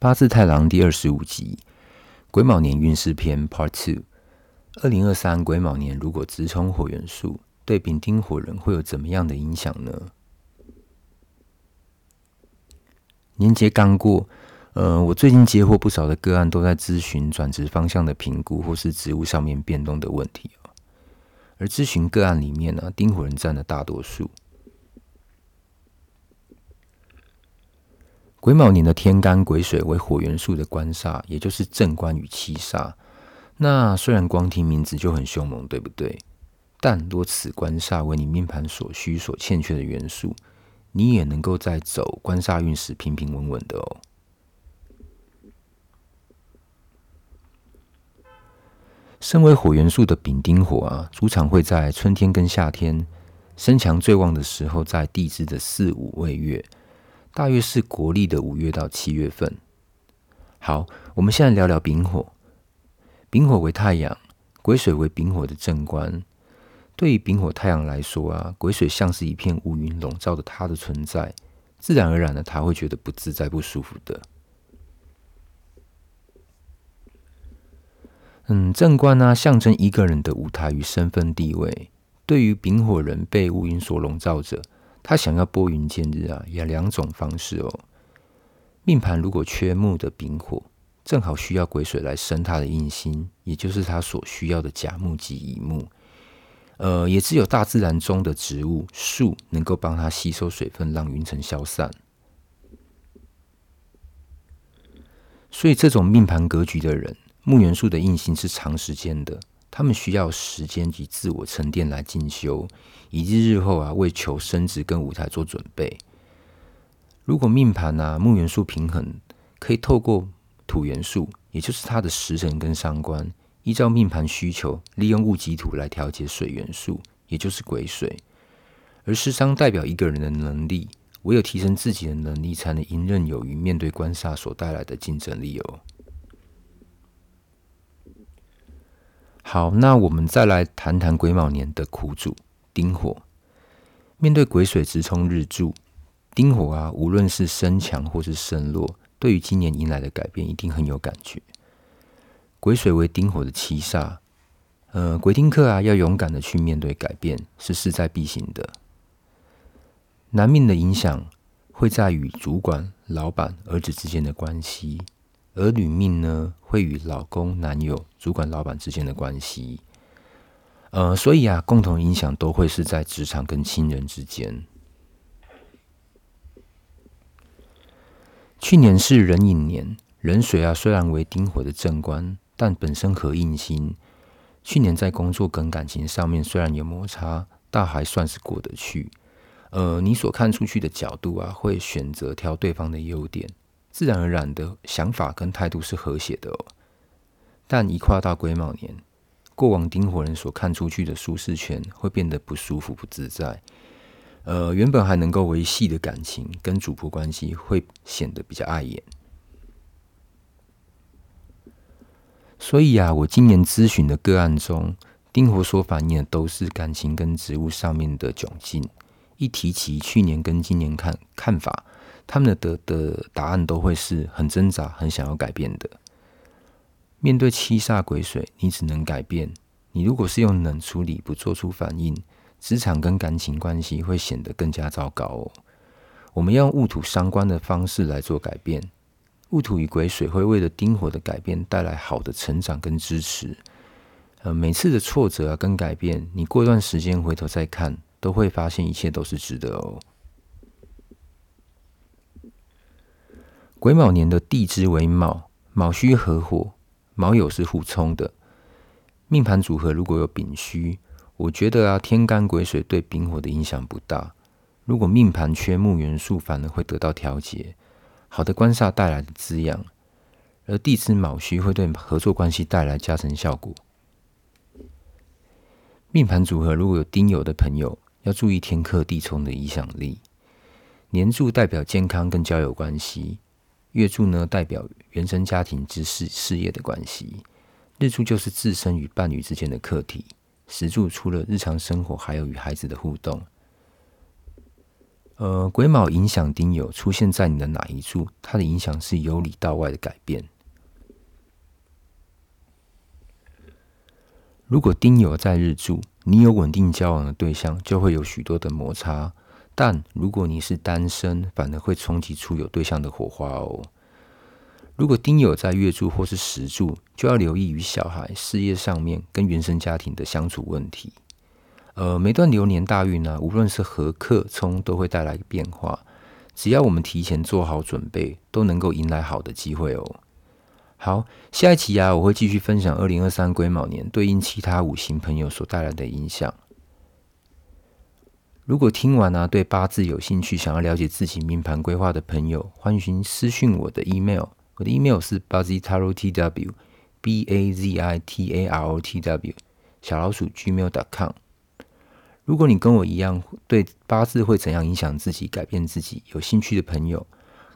八字太郎第二十五集《癸卯年運勢篇》Part Two。二零二三癸卯年，如果直衝火元素，對丙丁火人會有怎麼樣的影響呢？年節剛過，呃，我最近接獲不少的個案，都在諮詢轉職方向的評估，或是職務上面變動的問題。而諮詢個案裡面呢、啊，丁火人佔了大多數。癸卯年的天干癸水為火元素的官煞，也就是正官與七煞。那雖然光聽名字就很兇猛，對不對？但若此官煞為你命盤所需所欠缺的元素，你也能夠在走官煞運時平平穩穩的哦。身為火元素的丙丁火啊，主場會在春天跟夏天身強最旺的時候，在地支的巳午未月。大約是國曆的五月到七月份。好，我們現在聊聊丙火。丙火為太陽，癸水為丙火的正官。對於丙火太陽來說啊，癸水像是一片烏雲籠罩着他的存在，自然而然的他會覺得不自在、不舒服的。嗯，正官呢、啊，象徵一個人的舞台與身份地位。對於丙火人被烏雲所籠罩着。他想要撥雲見日啊，有兩種方式哦。命盤如果缺木的丙火，正好需要癸水來生他的印星，也就是他所需要的甲木及乙木。呃，也只有大自然中的植物樹能夠幫他吸收水分，讓雲層消散。所以，這種命盤格局的人，木元素的印星是長時間的。他們需要時間及自我沉澱來進修，以及日後啊，為求升職跟舞台做準備。如果命盤啊木元素平衡，可以透過土元素，也就是它的食神跟傷官，依照命盤需求，利用戊己土來調節水元素，也就是癸水。而食傷代表一個人的能力，唯有提升自己的能力，才能迎刃有餘面對官煞所帶來的競爭力哦。好，那我們再來談談癸卯年的苦主丁火，面對癸水直沖日柱，丁火啊，無論是身強或是身弱，對於今年迎來的改變一定很有感覺。癸水為丁火的七煞，呃，癸丁克啊，要勇敢的去面對改變，是勢在必行的。男命的影響會在與主管、老板、兒子之間的關係。而女命呢，會與老公、男友、主管、老闆之間的關係，呃，所以啊，共同影響都會是在職場跟親人之間。 去年是壬寅年，壬水啊，雖然為丁火的正官，但本身合印星。去年在工作跟感情上面雖然有摩擦，但還算是過得去。呃，你所看出去的角度啊，會選擇挑對方的優點。自然而然的想法跟態度是和諧的哦，但一跨到癸卯年，過往丁火人所看出去的舒適圈會變得不舒服、不自在。呃，原本還能夠維繫的感情跟主僕關係，會顯得比較礙眼。所以啊，我今年諮詢的個案中，丁火所反映的都是感情跟職務上面的窘境。一提起去年跟今年看看法。他們的的答案都會是很掙扎、很想要改變的。面對七煞、癸水，你只能改變。你如果是用冷處理、不做出反應，職場跟感情關係會顯得更加糟糕哦。我們要用戊土相關的方式來做改變。戊土與癸水會為了丁火的改變帶來好的成長跟支持。呃，每次的挫折啊跟改變，你過段時間回頭再看，都會發現一切都是值得哦。癸卯年的地支為卯，卯戌合火，卯酉是互沖的。命盤組合如果有丙戌，我覺得啊，天干癸水對丙火的影響不大。如果命盤缺木元素，反而會得到調節，好的官煞帶來的滋養。而地支卯戌會對合作關係帶來加成效果。命盤組合如果有丁酉的朋友，要注意天克地沖的影響力。年柱代表健康跟交友關係。月柱呢，代表原生家庭之事事業的關係；日柱就是自身與伴侶之間的課題；時柱除了日常生活，還有與孩子的互動。呃，癸卯影響丁酉，出現在你的哪一處？它的影響是由裡到外的改變。如果丁酉在日柱，你有穩定交往的對象，就會有許多的摩擦。但如果你是單身，反而會衝擊出有對象的火花哦。如果丁酉在月柱或是時柱，就要留意與小孩、事業上面跟原生家庭的相處問題。呃，每段流年大運呢、啊，無論是合、剋、沖，都會帶來變化。只要我們提前做好準備，都能夠迎來好的機會哦。好，下一期啊，我會繼續分享二零二三癸卯年對應其他五行朋友所帶來的影響。如果聽完呢、啊，對八字有興趣，想要了解自己命盤規劃的朋友，歡迎私訊我的 email，我的 email 是 bazitarotw，b a z i t a r o t w 小老鼠 gmail.com。如果你跟我一樣，對八字會怎樣影響自己、改變自己有興趣的朋友，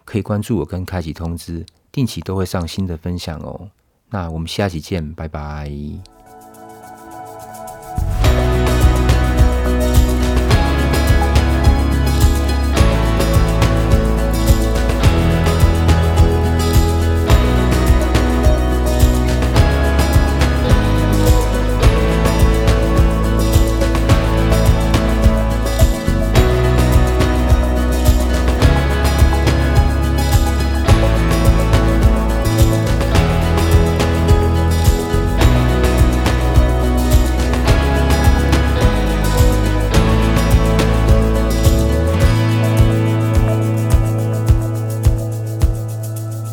可以關注我跟開啟通知，定期都會上新的分享哦。那我們下期見，拜拜。